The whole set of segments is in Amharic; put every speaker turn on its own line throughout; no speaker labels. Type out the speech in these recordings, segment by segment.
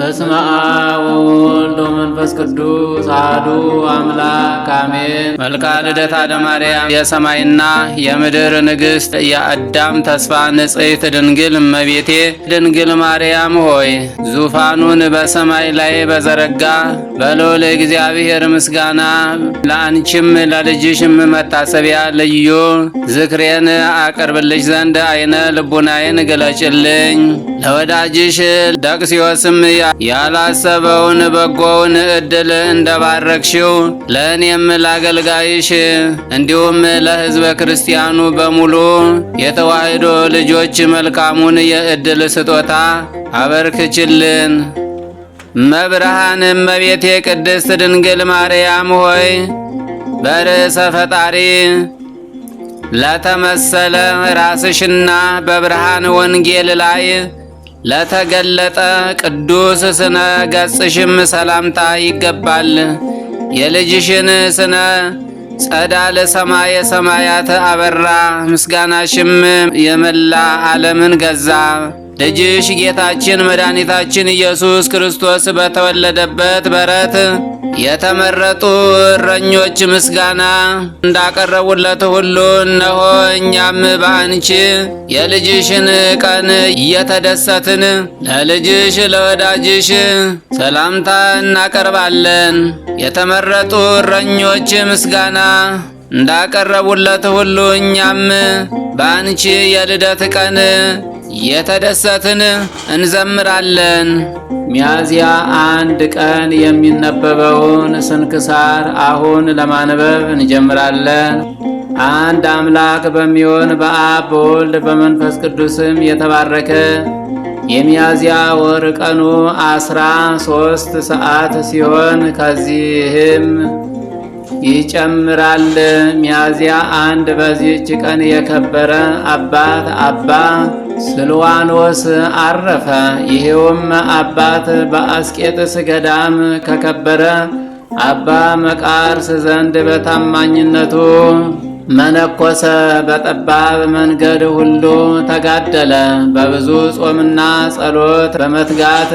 በስመ አብ ወወልድ ወመንፈስ ቅዱስ አሐዱ አምላክ አሜን። መልክአ ልደታ ለማርያም የሰማይና የምድር ንግሥት የአዳም ተስፋ ንጽሕት ድንግል እመቤቴ ድንግል ማርያም ሆይ ዙፋኑን በሰማይ ላይ በዘረጋ በልዑል እግዚአብሔር ምስጋና ለአንቺም ለልጅሽም መታሰቢያ ልዩ ዝክሬን አቅርብልሽ ዘንድ አይነ ልቡናዬን ግለጭልኝ ለወዳጅሽ ደቅሲዮስም ያላሰበውን በጎውን እድል እንደባረክሽው ለእኔም ላገልጋይሽ እንዲሁም ለሕዝበ ክርስቲያኑ በሙሉ የተዋሕዶ ልጆች መልካሙን የእድል ስጦታ አበርክችልን። መብርሃን እመቤቴ ቅድስት ድንግል ማርያም ሆይ በርዕሰ ፈጣሪ ለተመሰለ ራስሽና በብርሃን ወንጌል ላይ ለተገለጠ ቅዱስ ስነ ገጽሽም ሰላምታ ይገባል። የልጅሽን ስነ ጸዳል ሰማየ ሰማያት አበራ፣ ምስጋናሽም የመላ ዓለምን ገዛ። ልጅሽ ጌታችን መድኃኒታችን ኢየሱስ ክርስቶስ በተወለደበት በረት የተመረጡ እረኞች ምስጋና እንዳቀረቡለት ሁሉ እነሆ እኛም በአንቺ የልጅሽን ቀን እየተደሰትን ለልጅሽ ለወዳጅሽ ሰላምታ እናቀርባለን። የተመረጡ እረኞች ምስጋና እንዳቀረቡለት ሁሉ እኛም በአንቺ የልደት ቀን የተደሰትን እንዘምራለን። ሚያዝያ አንድ ቀን የሚነበበውን ስንክሳር አሁን ለማንበብ እንጀምራለን። አንድ አምላክ በሚሆን በአብ በወልድ በመንፈስ ቅዱስም የተባረከ የሚያዝያ ወር ቀኑ አስራ ሶስት ሰዓት ሲሆን ከዚህም ይጨምራል። ሚያዝያ አንድ በዚህች ቀን የከበረ አባት አባ ስልዋኖስ አረፈ። ይሄውም አባት በአስቄጥስ ገዳም ከከበረ አባ መቃርስ ዘንድ በታማኝነቱ መነኮሰ። በጠባብ መንገድ ሁሉ ተጋደለ። በብዙ ጾምና ጸሎት በመትጋት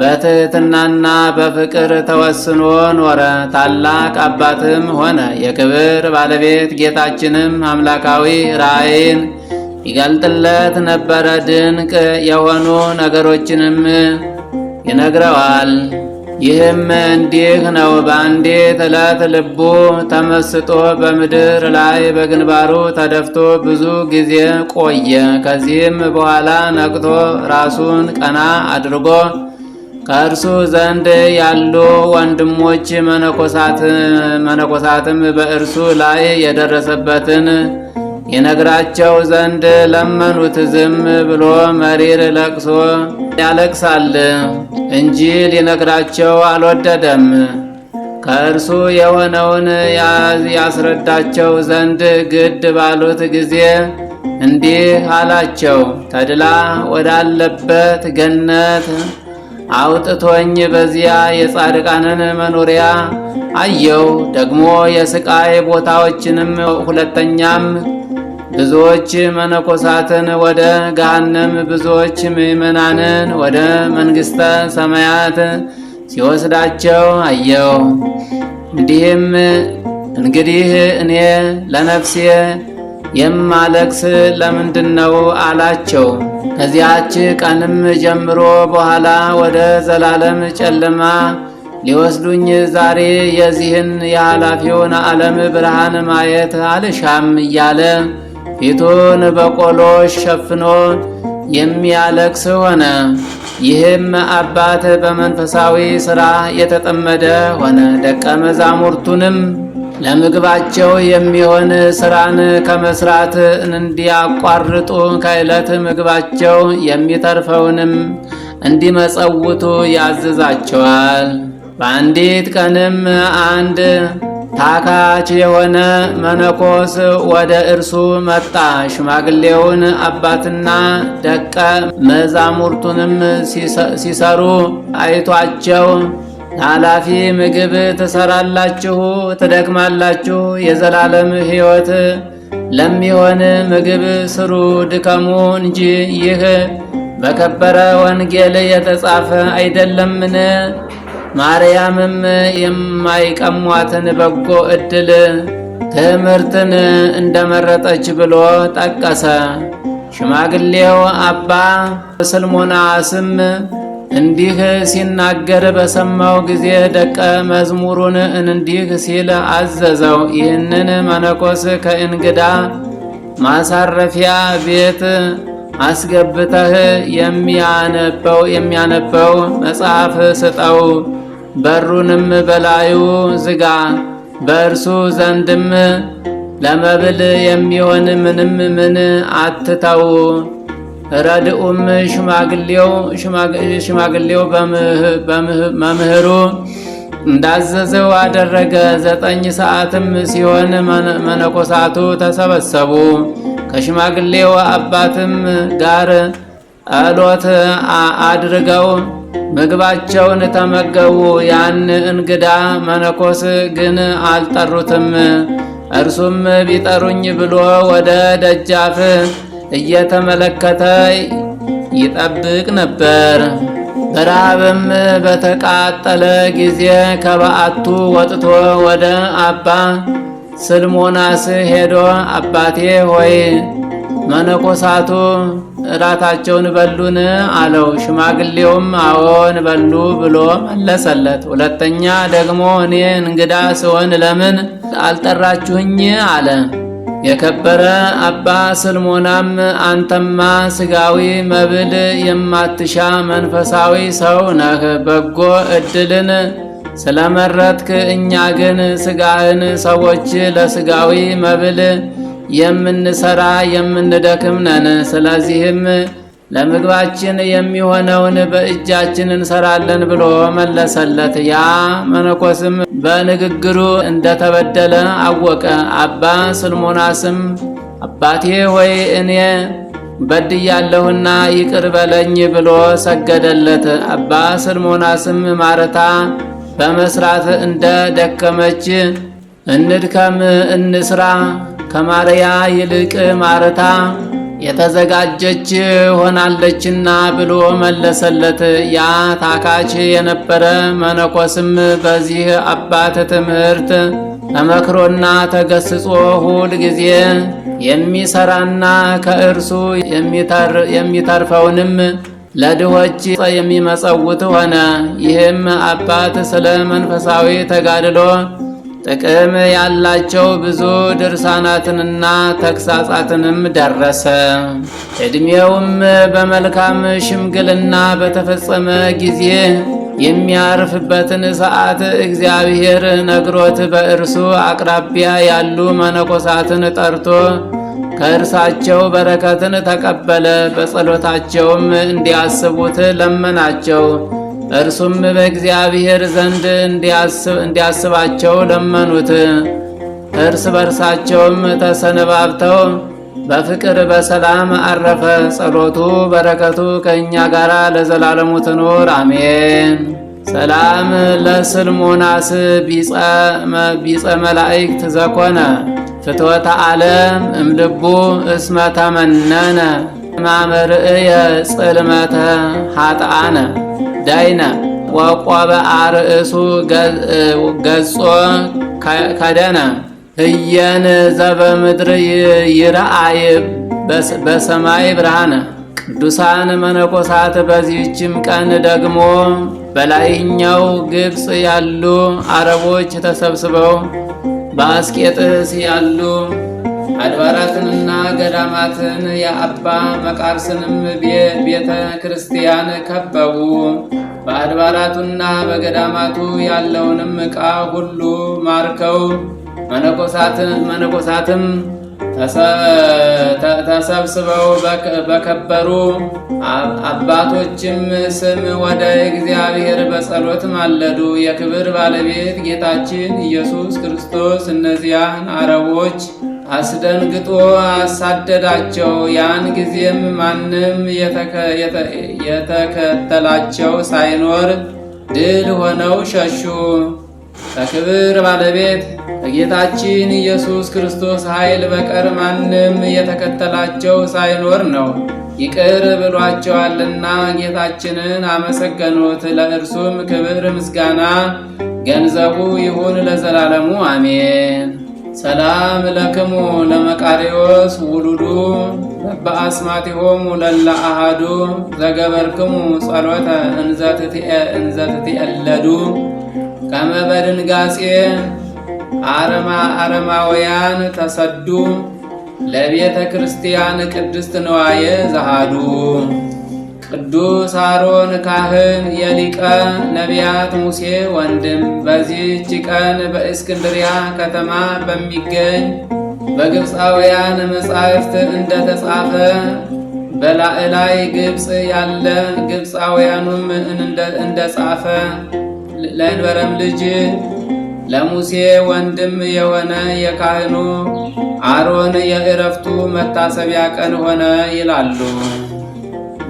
በትህትናና በፍቅር ተወስኖ ኖረ። ታላቅ አባትም ሆነ። የክብር ባለቤት ጌታችንም አምላካዊ ራእይን ይገልጥለት ነበረ። ድንቅ የሆኑ ነገሮችንም ይነግረዋል። ይህም እንዲህ ነው። በአንዲት ዕለት ልቡ ተመስጦ በምድር ላይ በግንባሩ ተደፍቶ ብዙ ጊዜ ቆየ። ከዚህም በኋላ ነቅቶ ራሱን ቀና አድርጎ ከእርሱ ዘንድ ያሉ ወንድሞች መነኮሳትም በእርሱ ላይ የደረሰበትን የነግራቸው ዘንድ ለመኑት። ዝም ብሎ መሪር ለቅሶ ያለቅሳል እንጂ ሊነግራቸው አልወደደም። ከእርሱ የሆነውን ያስረዳቸው ዘንድ ግድ ባሉት ጊዜ እንዲህ አላቸው። ተድላ ወዳለበት ገነት አውጥቶኝ በዚያ የጻድቃንን መኖሪያ አየው። ደግሞ የስቃይ ቦታዎችንም ሁለተኛም ብዙዎች መነኮሳትን ወደ ገሃነም ብዙዎች ምእመናንን ወደ መንግሥተ ሰማያት ሲወስዳቸው አየው። እንዲህም እንግዲህ እኔ ለነፍሴ የማለቅስ ለምንድን ነው አላቸው። ከዚያች ቀንም ጀምሮ በኋላ ወደ ዘላለም ጨለማ ሊወስዱኝ ዛሬ የዚህን የኃላፊውን ዓለም ብርሃን ማየት አልሻም እያለ ፊቱን በቆሎ ሸፍኖ የሚያለቅስ ሆነ። ይህም አባት በመንፈሳዊ ሥራ የተጠመደ ሆነ። ደቀ መዛሙርቱንም ለምግባቸው የሚሆን ስራን ከመስራት እንዲያቋርጡ ከዕለት ምግባቸው የሚተርፈውንም እንዲመጸውቱ ያዝዛቸዋል። በአንዲት ቀንም አንድ ታካች የሆነ መነኮስ ወደ እርሱ መጣ። ሽማግሌውን አባትና ደቀ መዛሙርቱንም ሲሰሩ አይቷቸው ኃላፊ ምግብ ትሰራላችሁ፣ ትደክማላችሁ። የዘላለም ሕይወት ለሚሆን ምግብ ስሩ ድከሙ እንጂ ይህ በከበረ ወንጌል የተጻፈ አይደለምን? ማርያምም የማይቀሟትን በጎ ዕድል ትምህርትን እንደመረጠች ብሎ ጠቀሰ። ሽማግሌው አባ ስልሞና ስም እንዲህ ሲናገር በሰማው ጊዜ ደቀ መዝሙሩን እንዲህ ሲል አዘዘው፣ ይህንን መነኮስ ከእንግዳ ማሳረፊያ ቤት አስገብተህ የሚያነበው የሚያነበው መጽሐፍ ስጠው፣ በሩንም በላዩ ዝጋ፣ በእርሱ ዘንድም ለመብል የሚሆን ምንም ምን አትተው። ረድኡም ሽማግሌው መምህሩ እንዳዘዘው አደረገ። ዘጠኝ ሰዓትም ሲሆን መነኮሳቱ ተሰበሰቡ። ከሽማግሌው አባትም ጋር ጸሎት አድርገው ምግባቸውን ተመገቡ። ያን እንግዳ መነኮስ ግን አልጠሩትም። እርሱም ቢጠሩኝ ብሎ ወደ ደጃፍ እየተመለከተ ይጠብቅ ነበር። በረሃብም በተቃጠለ ጊዜ ከበዓቱ ወጥቶ ወደ አባ ስልሞናስ ሄዶ አባቴ ሆይ መነኮሳቱ እራታቸውን በሉን አለው። ሽማግሌውም አዎን በሉ ብሎ መለሰለት። ሁለተኛ ደግሞ እኔ እንግዳ ስሆን ለምን አልጠራችሁኝ አለ። የከበረ አባ ስልሞናም አንተማ ስጋዊ መብል የማትሻ መንፈሳዊ ሰው ነህ፣ በጎ እድልን ስለመረጥክ እኛ ግን ስጋህን ሰዎች ለስጋዊ መብል የምንሰራ የምንደክም ነን። ስለዚህም ለምግባችን የሚሆነውን በእጃችን እንሰራለን ብሎ መለሰለት። ያ መነኮስም በንግግሩ እንደተበደለ አወቀ። አባ ስልሞናስም አባቴ ሆይ እኔ በድያለሁና ይቅር በለኝ ብሎ ሰገደለት። አባ ስልሞናስም ማረታ በመስራት እንደ ደከመች እንድከም እንስራ ከማርያ ይልቅ ማረታ የተዘጋጀች ሆናለችና ብሎ መለሰለት። ያ ታካች የነበረ መነኮስም በዚህ አባት ትምህርት ተመክሮና ተገስጾ ሁል ጊዜ የሚሰራና ከእርሱ የሚተርፈውንም ለድሆች የሚመጸውት ሆነ። ይህም አባት ስለ መንፈሳዊ ተጋድሎ ጥቅም ያላቸው ብዙ ድርሳናትንና ተግሳጻትንም ደረሰ። ዕድሜውም በመልካም ሽምግልና በተፈጸመ ጊዜ የሚያርፍበትን ሰዓት እግዚአብሔር ነግሮት በእርሱ አቅራቢያ ያሉ መነኮሳትን ጠርቶ ከእርሳቸው በረከትን ተቀበለ። በጸሎታቸውም እንዲያስቡት ለመናቸው። እርሱም በእግዚአብሔር ዘንድ እንዲያስባቸው ለመኑት። እርስ በርሳቸውም ተሰነባብተው በፍቅር በሰላም አረፈ። ጸሎቱ በረከቱ ከእኛ ጋር ለዘላለሙ ትኖር አሜን። ሰላም ለስልሞናስ ቢጸ መላእክት ዘኮነ ፍትወተ ዓለም እምልቡ እስመ ተመነነ ማመርእየ ጽልመተ ኃጥአነ ዳይነ ወቆበ አርእሱ ገጾ ከደነ እየን ዘበምድር ይረአይ በሰማይ ብርሃነ ቅዱሳን መነኮሳት በዚህችም ቀን ደግሞ በላይኛው ግብፅ ያሉ አረቦች ተሰብስበው በአስቄጥስ ያሉ አድባራትንና ገዳማትን የአባ መቃርስንም ቤተ ክርስቲያን ከበቡ። በአድባራቱና በገዳማቱ ያለውንም ዕቃ ሁሉ ማርከው መነኮሳትም ተሰብስበው በከበሩ አባቶችም ስም ወደ እግዚአብሔር በጸሎት ማለዱ። የክብር ባለቤት ጌታችን ኢየሱስ ክርስቶስ እነዚያን አረቦች አስደንግጦ አሳደዳቸው። ያን ጊዜም ማንም የተከተላቸው ሳይኖር ድል ሆነው ሸሹ። ከክብር ባለቤት ከጌታችን ኢየሱስ ክርስቶስ ኃይል በቀር ማንም የተከተላቸው ሳይኖር ነው። ይቅር ብሏቸዋልና ጌታችንን አመሰገኑት። ለእርሱም ክብር ምስጋና ገንዘቡ ይሁን ለዘላለሙ አሜን። ሰላም ለክሙ ለመቃሪዎስ ውሉዱ በአስማቲሆሙ ለላ አሃዱ ዘገበርክሙ ጸሎተ እንዘትትየለዱ ከመ በድንጋጼ አረማ አረማውያን ተሰዱ ለቤተ ክርስቲያን ቅድስት ነዋየ ዘሃዱ ቅዱስ አሮን ካህን የሊቀ ነቢያት ሙሴ ወንድም። በዚህች ቀን በእስክንድሪያ ከተማ በሚገኝ በግብፃውያን መጻሕፍት እንደተጻፈ በላዕላይ ግብፅ ያለ ግብፃውያኑም እንደጻፈ ለእንበረም ልጅ ለሙሴ ወንድም የሆነ የካህኑ አሮን የእረፍቱ መታሰቢያ ቀን ሆነ ይላሉ።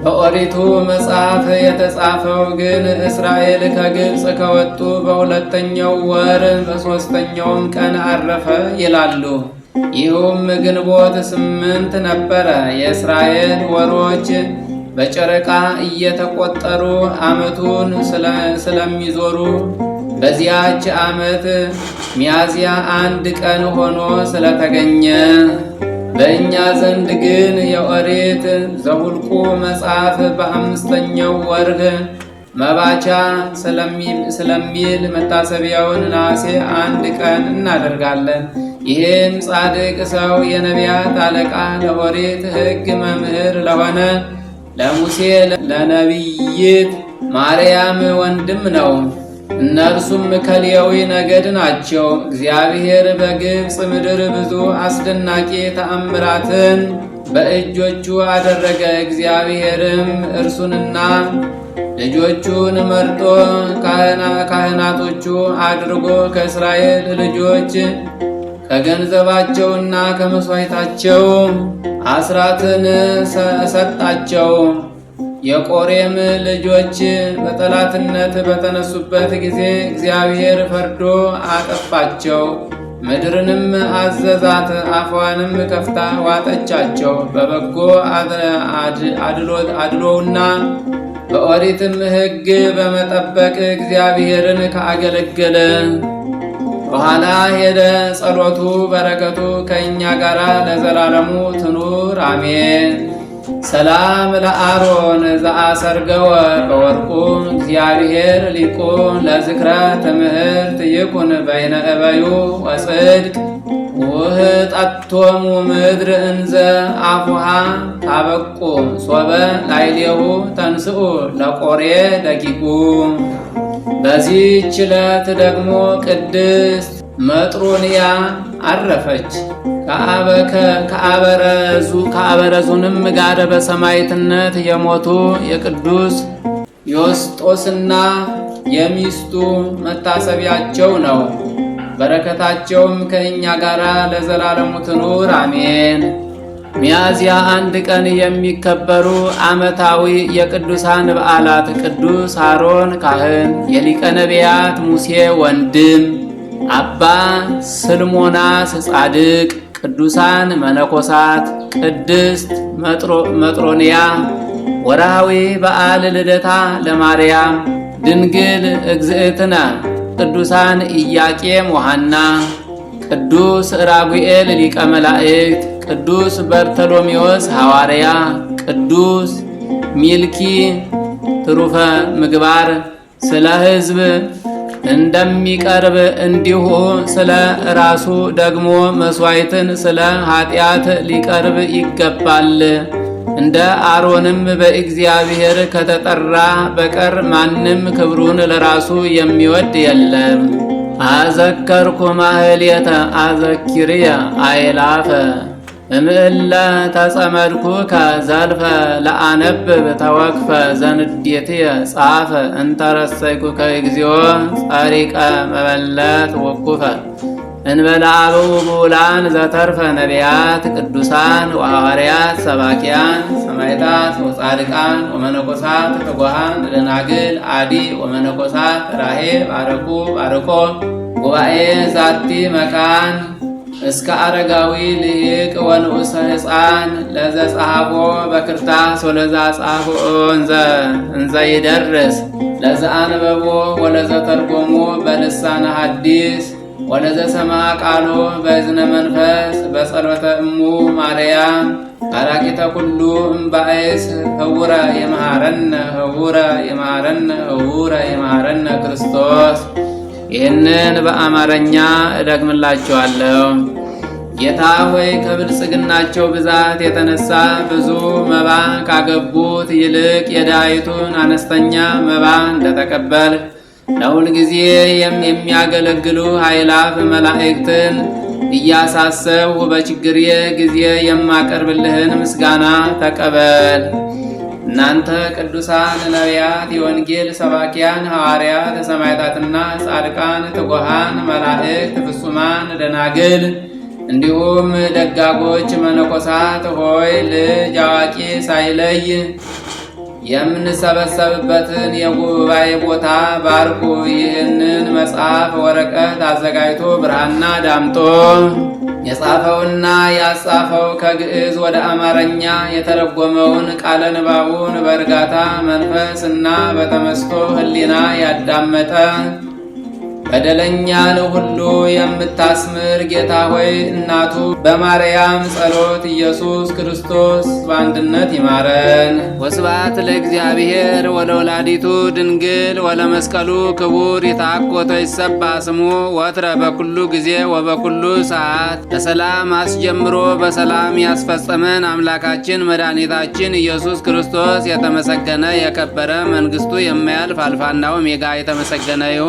በኦሪቱ መጽሐፍ የተጻፈው ግን እስራኤል ከግብፅ ከወጡ በሁለተኛው ወር በሦስተኛውም ቀን አረፈ ይላሉ። ይህም ግንቦት ስምንት ነበረ። የእስራኤል ወሮች በጨረቃ እየተቆጠሩ ዓመቱን ስለሚዞሩ በዚያች ዓመት ሚያዝያ አንድ ቀን ሆኖ ስለተገኘ በእኛ ዘንድ ግን የኦሪት ዘኍልቍ መጽሐፍ በአምስተኛው ወርህ መባቻ ስለሚል መታሰቢያውን ነሐሴ አንድ ቀን እናደርጋለን። ይህም ጻድቅ ሰው የነቢያት አለቃ ለኦሪት ሕግ መምህር ለሆነ ለሙሴ ለነቢይት ማርያም ወንድም ነው። እነርሱም ከሌዊ ነገድ ናቸው። እግዚአብሔር በግብፅ ምድር ብዙ አስደናቂ ተአምራትን በእጆቹ አደረገ። እግዚአብሔርም እርሱንና ልጆቹን መርጦ ካህናቶቹ አድርጎ ከእስራኤል ልጆች ከገንዘባቸውና ከመሥዋዕታቸው አስራትን ሰጣቸው። የቆሬም ልጆች በጠላትነት በተነሱበት ጊዜ እግዚአብሔር ፈርዶ አጠፋቸው። ምድርንም አዘዛት፣ አፏንም ከፍታ ዋጠቻቸው። በበጎ አድሎውና በኦሪትም ሕግ በመጠበቅ እግዚአብሔርን ካገለገለ በኋላ ሄደ። ጸሎቱ በረከቱ ከእኛ ጋር ለዘላለሙ ትኑር አሜን። ሰላም ለአሮን ዘአሰርገወ በወርቁም እግዚአብሔር ሊቁን ለዝክረ ትምህርት ይኩን በይነ እበዩ ወጽድቅ ውህጠቶሙ ምድር እንዘ አፉሃ አበቁ ሶበ ላይሌሁ ተንስኡ ለቆሬ ደቂቁ። በዚህች ዕለት ደግሞ ቅድስት መጥሮንያ አረፈች። ከአበረዙንም ጋር በሰማይትነት የሞቱ የቅዱስ ዮስጦስና የሚስቱ መታሰቢያቸው ነው። በረከታቸውም ከእኛ ጋር ለዘላለሙ ትኑር አሜን። ሚያዝያ አንድ ቀን የሚከበሩ ዓመታዊ የቅዱሳን በዓላት ቅዱስ አሮን ካህን፣ የሊቀ ነቢያት ሙሴ ወንድም አባ ስልሞናስ ጻድቅ፣ ቅዱሳን መነኮሳት፣ ቅድስት መጥሮንያ። ወርሃዊ በዓል ልደታ ለማርያም ድንግል እግዝእትነ፣ ቅዱሳን ኢያቄም ወሐና፣ ቅዱስ ራጉኤል ሊቀ መላእክት፣ ቅዱስ በርተሎሜዎስ ሐዋርያ፣ ቅዱስ ሚልኪ ትሩፈ ምግባር ስለ ሕዝብ እንደሚቀርብ እንዲሁ ስለ ራሱ ደግሞ መስዋይትን ስለ ኃጢአት ሊቀርብ ይገባል። እንደ አሮንም በእግዚአብሔር ከተጠራ በቀር ማንም ክብሩን ለራሱ የሚወድ የለም። አዘከርኩ ማህልየተ አዘኪርየ አይላፈ እምዕለ ተጸመድኩከ ከዘልፈ ለአነብብ ተወክፈ ዘንዴትየ ጻፈ እንተረሰይኩከ እግዚኦ ጸሪቀ መበለት ወኩፈ እንበለ አበው ብዑላን ዘተርፈ ነቢያት ቅዱሳን ወሐዋርያት ሰባኪያን ሰማዕታት ወጻድቃን ወመነኮሳት ትጉሃን ደናግል አዲ ወመነኮሳት ራሄ ባረኩ ባርኮ ጉባኤ ዛቲ መካን እስከ አረጋዊ ልሂቅ ወንዑሰ ሕፃን ለዘ ለዘጸሐፎ በክርታስ ወለዛ ጸሐፎ እንዘ ይደርስ ለዘ አንበቦ ወለዘ ተርጎሞ በልሳነ ሐዲስ ወለዘ ሰማ ቃሎ በእዝነ መንፈስ በጸሎተ እሙ ማርያም አራቂተ ኩሉ እምባኤስ ህውረ የማረነ ህውረ የማረነ ህውረ የማረነ ክርስቶስ ይህንን በአማርኛ እደግምላችኋለሁ። ጌታ ሆይ ከብልጽግናቸው ብዛት የተነሳ ብዙ መባ ካገቡት ይልቅ የድሃይቱን አነስተኛ መባ እንደተቀበል ለሁል ጊዜ የሚያገለግሉ ኃይላፍ መላእክትን እያሳሰብሁ በችግር ጊዜ የማቀርብልህን ምስጋና ተቀበል። እናንተ ቅዱሳን ነቢያት፣ የወንጌል ሰባኪያን ሐዋርያት፣ ሰማዕታትና ጻድቃን፣ ትጉሃን መላእክት፣ ፍጹማን ደናግል እንዲሁም ደጋጎች መነኮሳት ሆይ ልጅ አዋቂ ሳይለይ የምንሰበሰብበትን የጉባኤ ቦታ ባርኩ። ይህንን መጽሐፍ ወረቀት አዘጋጅቶ ብርሃና ዳምጦ የጻፈውና ያጻፈው ከግዕዝ ወደ አማርኛ የተረጎመውን ቃለ ንባቡን በእርጋታ መንፈስ እና በተመስጦ ሕሊና ያዳመጠ በደለኛን ሁሉ የምታስምር ጌታ ሆይ እናቱ በማርያም ጸሎት ኢየሱስ ክርስቶስ በአንድነት ይማረን። ወስብሐት ለእግዚአብሔር ወለወላዲቱ ድንግል ወለመስቀሉ ክቡር ይትሐኮቶ ይሰባ ስሙ ወትረ በኩሉ ጊዜ ወበኩሉ ሰዓት። በሰላም አስጀምሮ በሰላም ያስፈጸመን አምላካችን መድኃኒታችን ኢየሱስ ክርስቶስ የተመሰገነ የከበረ መንግስቱ የማያልፍ አልፋና ኦሜጋ የተመሰገነ ይሁን።